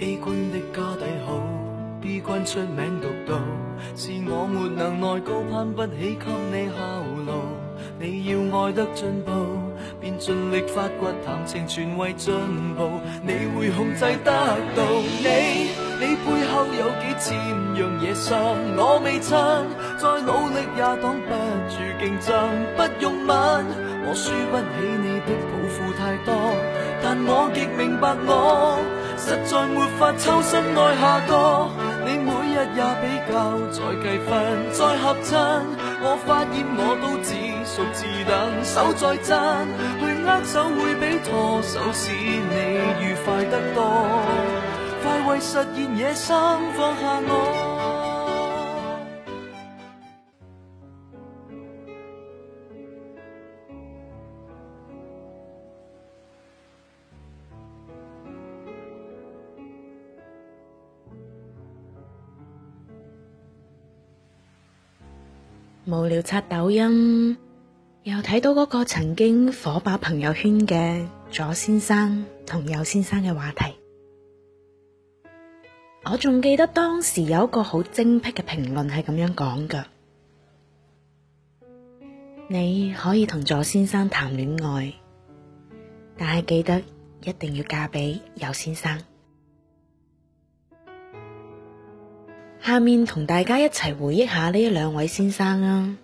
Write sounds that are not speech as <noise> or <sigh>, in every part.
A 君的家底好，B 君出名獨到，是我沒能耐，高攀不起，給你效勞。你要愛得進步，便盡力發掘談情全為進步，你會控制得到你。你背後有幾千樣野心，我未襯，再努力也擋不住競爭。不用問，我輸不起你的抱負太多。但我亦明白我，我實在沒法抽身愛下個。你每日也比較再計分，再合襯。我發現我都只熟自等手再真，去握手會比拖手使你愉快得多。快為實現野心放下我。無聊刷抖音，又睇到嗰個曾經火爆朋友圈嘅左先生同右先生嘅話題。我仲記得當時有一個好精闢嘅評論係咁樣講：㗎，你可以同左先生談戀愛，但係記得一定要嫁俾右先生。下面同大家一齊回憶下呢兩位先生啊。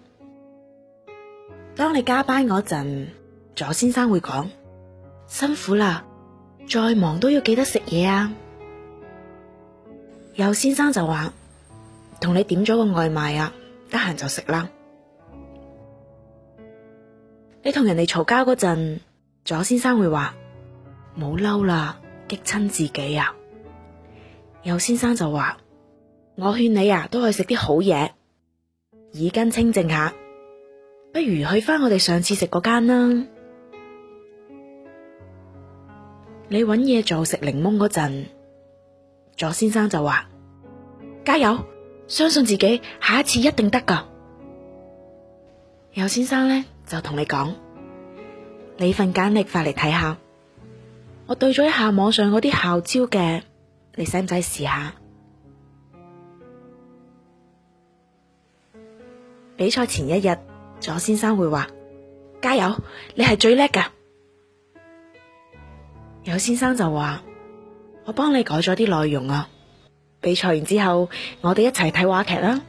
當你加班嗰陣，左先生會講，辛苦啦，再忙都要記得食嘢啊。右先生就話，同你點咗個外賣啊，得閒就食啦。你同人哋嘈交嗰陣，左先生會話冇嬲啦，激親自己啊。右先生就話。我勸你啊，都去食啲好嘢，耳根清淨下。不如去翻我哋上次食嗰間啦。 <noise> 你揾嘢做食檸檬嗰陣，左先生就話：加油，相信自己，下一次一定得噶。右先生呢，就同你講：你份簡歷發嚟睇下，我對咗一下網上嗰啲校招嘅，你使唔使試下？比賽前一日，左先生會話：加油，你係最叻噶。右先生就話：我幫你改咗啲內容啊。比賽完之後，我哋一齊睇話劇啦。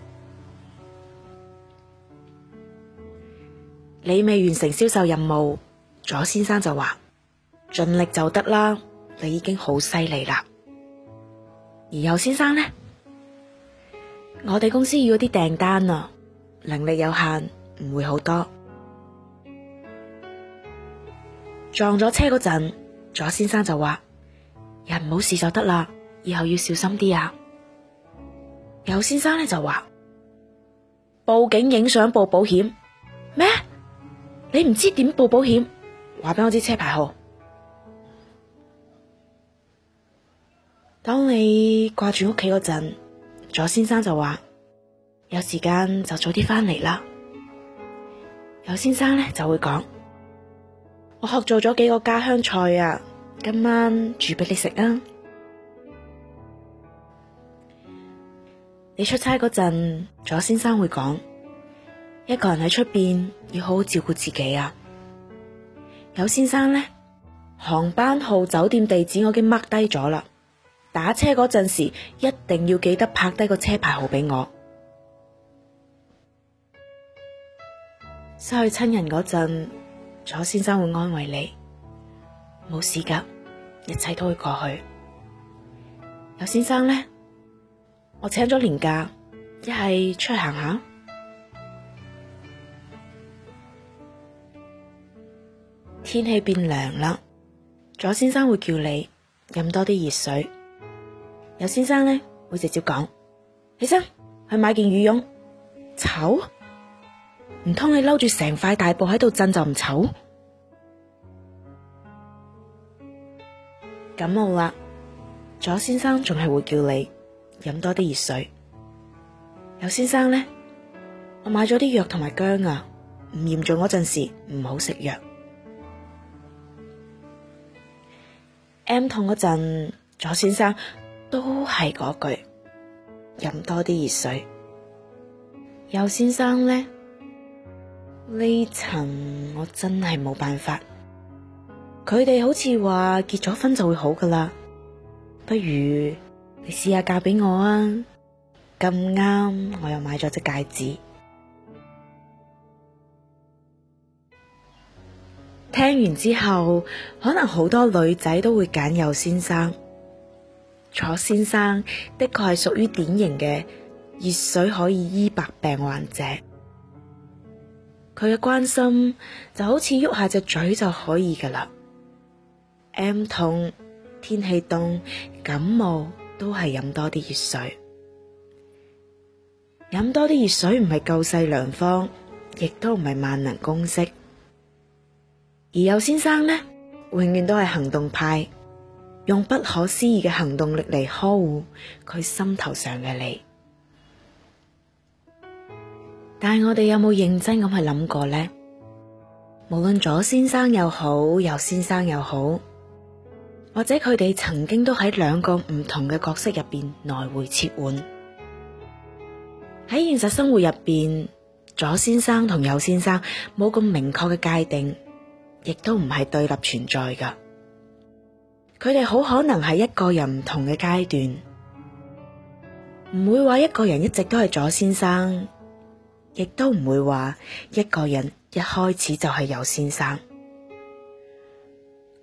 你未完成銷售任務，左先生就話：盡力就得啦，你已經好犀利啦。而右先生呢？我哋公司要啲訂單啊。能力有限，唔會好多。撞咗車嗰陣，左先生就話：人冇事就得啦，以後要小心啲啊。右先生咧就話：報警、影相、報保險咩？你唔知點報保險？話俾我知車牌號。當你掛住屋企嗰陣，左先生就話。有時間就早啲翻嚟啦。右先生咧就會講：我學做咗幾個家鄉菜啊，今晚煮俾你食啊。你出差嗰陣，左先生會講：一個人喺出邊要好好照顧自己啊。右先生咧，航班號、酒店地址我已經 mark 低咗啦。打車嗰陣時一定要記得拍低個車牌號俾我。失去親人嗰陣，左先生會安慰你，冇事噶，一切都會過去。右先生呢？我請咗年假，一係出去行下。天氣變涼啦，左先生會叫你飲多啲熱水。右先生呢？會直接講，起身去買件羽絨，醜。唔通你嬲住成塊大布喺度震就唔醜？感冒啦，左先生仲係會叫你飲多啲熱水。右先生呢？我買咗啲藥同埋姜啊，唔嚴重嗰陣時唔好食藥。M 痛嗰陣，左先生都係嗰句飲多啲熱水。右先生呢？呢層我真係冇辦法，佢哋好似話結咗婚就會好噶啦，不如你試下嫁俾我啊！咁啱我又買咗隻戒指。聽完之後，可能好多女仔都會揀右先生。左先生的確係屬於典型嘅熱水可以醫百病患者。佢嘅關心就好似喐下隻嘴就可以噶啦。M 痛，天氣凍，感冒都係飲多啲熱水。飲多啲熱水唔係救世良方，亦都唔係萬能公式。而右先生呢，永遠都係行動派，用不可思議嘅行動力嚟呵護佢心頭上嘅你。但係我哋有冇認真咁去諗過呢？無論左先生又好，右先生又好，或者佢哋曾經都喺兩個唔同嘅角色入邊來回切換。喺現實生活入邊，左先生同右先生冇咁明確嘅界定，亦都唔係對立存在噶。佢哋好可能係一個人唔同嘅階段，唔會話一個人一直都係左先生。亦都唔會話一個人一開始就係右先生，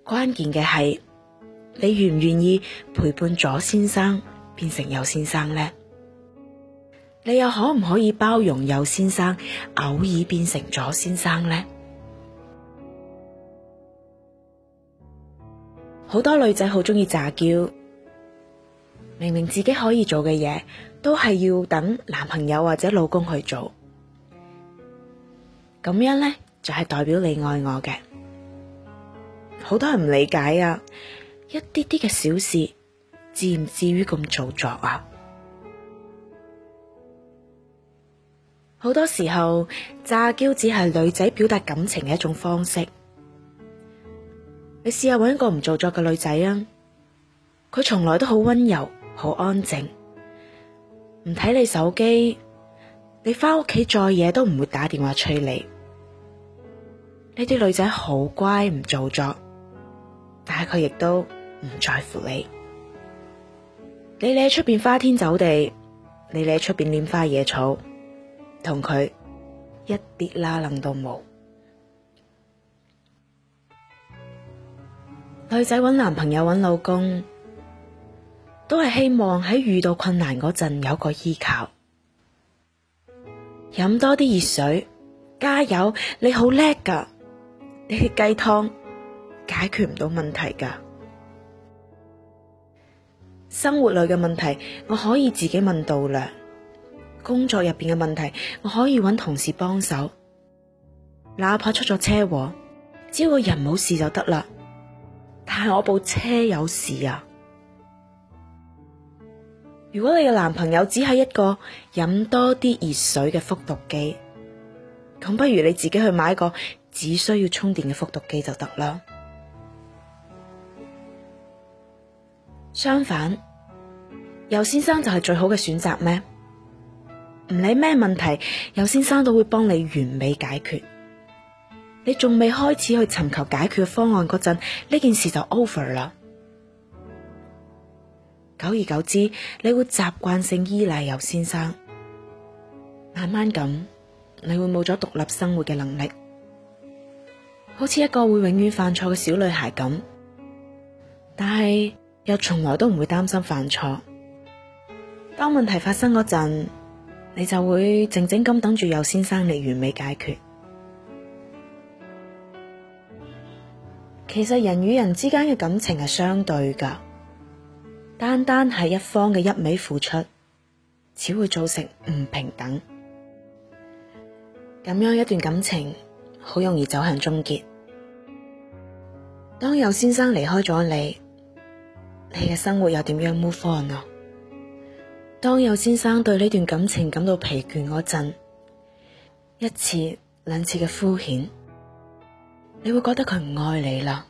關鍵嘅係你願唔願意陪伴左先生變成右先生呢？你又可唔可以包容右先生偶爾變成左先生呢？好多女仔好中意詐嬌，明明自己可以做嘅嘢，都係要等男朋友或者老公去做。咁樣咧，就係代表你愛我嘅。好多人唔理解啊，一啲啲嘅小事，至唔至於咁做作啊？好多時候詐嬌只係女仔表達感情嘅一種方式。你試下揾一個唔做作嘅女仔啊，佢從來都好溫柔，好安靜，唔睇你手機，你翻屋企再夜都唔會打電話催你。呢啲女仔好乖唔做作，但係佢亦都唔在乎你。你喺出邊花天酒地，你喺出邊拈花惹草，同佢一啲啦楞都冇。女仔揾男朋友揾老公，都係希望喺遇到困難嗰陣有個依靠，飲多啲熱水，加油！你好叻噶。雞湯解決唔到問題噶，生活裏嘅問題我可以自己問到啦，工作入邊嘅問題我可以揾同事幫手，哪怕出咗車禍，只要個人冇事就得啦。但係我部車有事啊！如果你嘅男朋友只係一個飲多啲熱水嘅復讀機，咁不如你自己去買個。只需要充電嘅復讀機就得啦。相反，右先生就係最好嘅選擇咩？唔理咩問題，右先生都會幫你完美解決。你仲未開始去尋求解決方案嗰陣，呢件事就 over 啦。久而久之，你會習慣性依賴右先生，慢慢咁你會冇咗獨立生活嘅能力。好似一個會永遠犯錯嘅小女孩咁，但係又從來都唔會擔心犯錯。當問題發生嗰陣，你就會靜靜咁等住右先生嚟完美解決。其實人與人之間嘅感情係相對噶，單單係一方嘅一味付出，只會造成唔平等。咁樣一段感情。好容易走向終結。當有先生離開咗你，你嘅生活又點樣 move on 啊？當有先生對呢段感情感到疲倦嗰陣，一次兩次嘅敷衍，你會覺得佢唔愛你啦。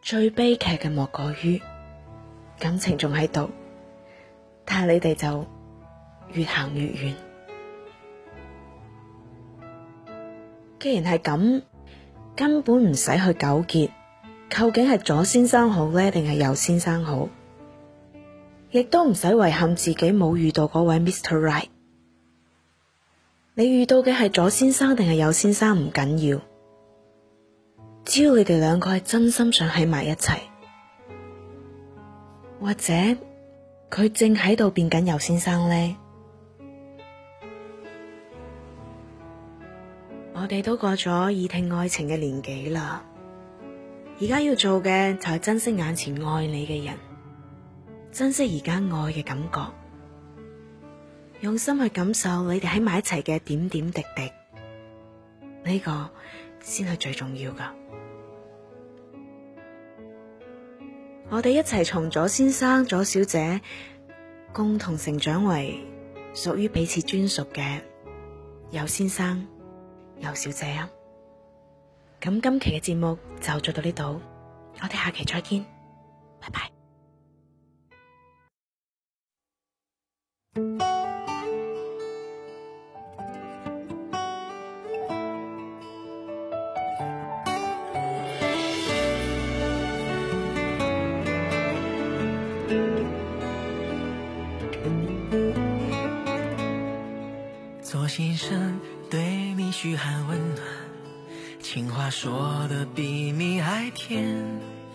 最悲劇嘅莫過於感情仲喺度，但係你哋就越行越遠。既然係咁，根本唔使去糾結，究竟係左先生好呢，定係右先生好？亦都唔使遺憾自己冇遇到嗰位 Mr. Right。你遇到嘅係左先生定係右先生唔緊要，只要你哋兩個係真心想喺埋一齊，或者佢正喺度變緊右先生呢。我哋都過咗耳聽愛情嘅年紀啦，而家要做嘅就係珍惜眼前愛你嘅人，珍惜而家愛嘅感覺，用心去感受你哋喺埋一齊嘅點點滴滴，呢個先係最重要噶。我哋一齊從左先生、左小姐共同成長為屬於彼此專屬嘅右先生。游小姐，啊，咁今期嘅節目就做到呢度，我哋下期再見。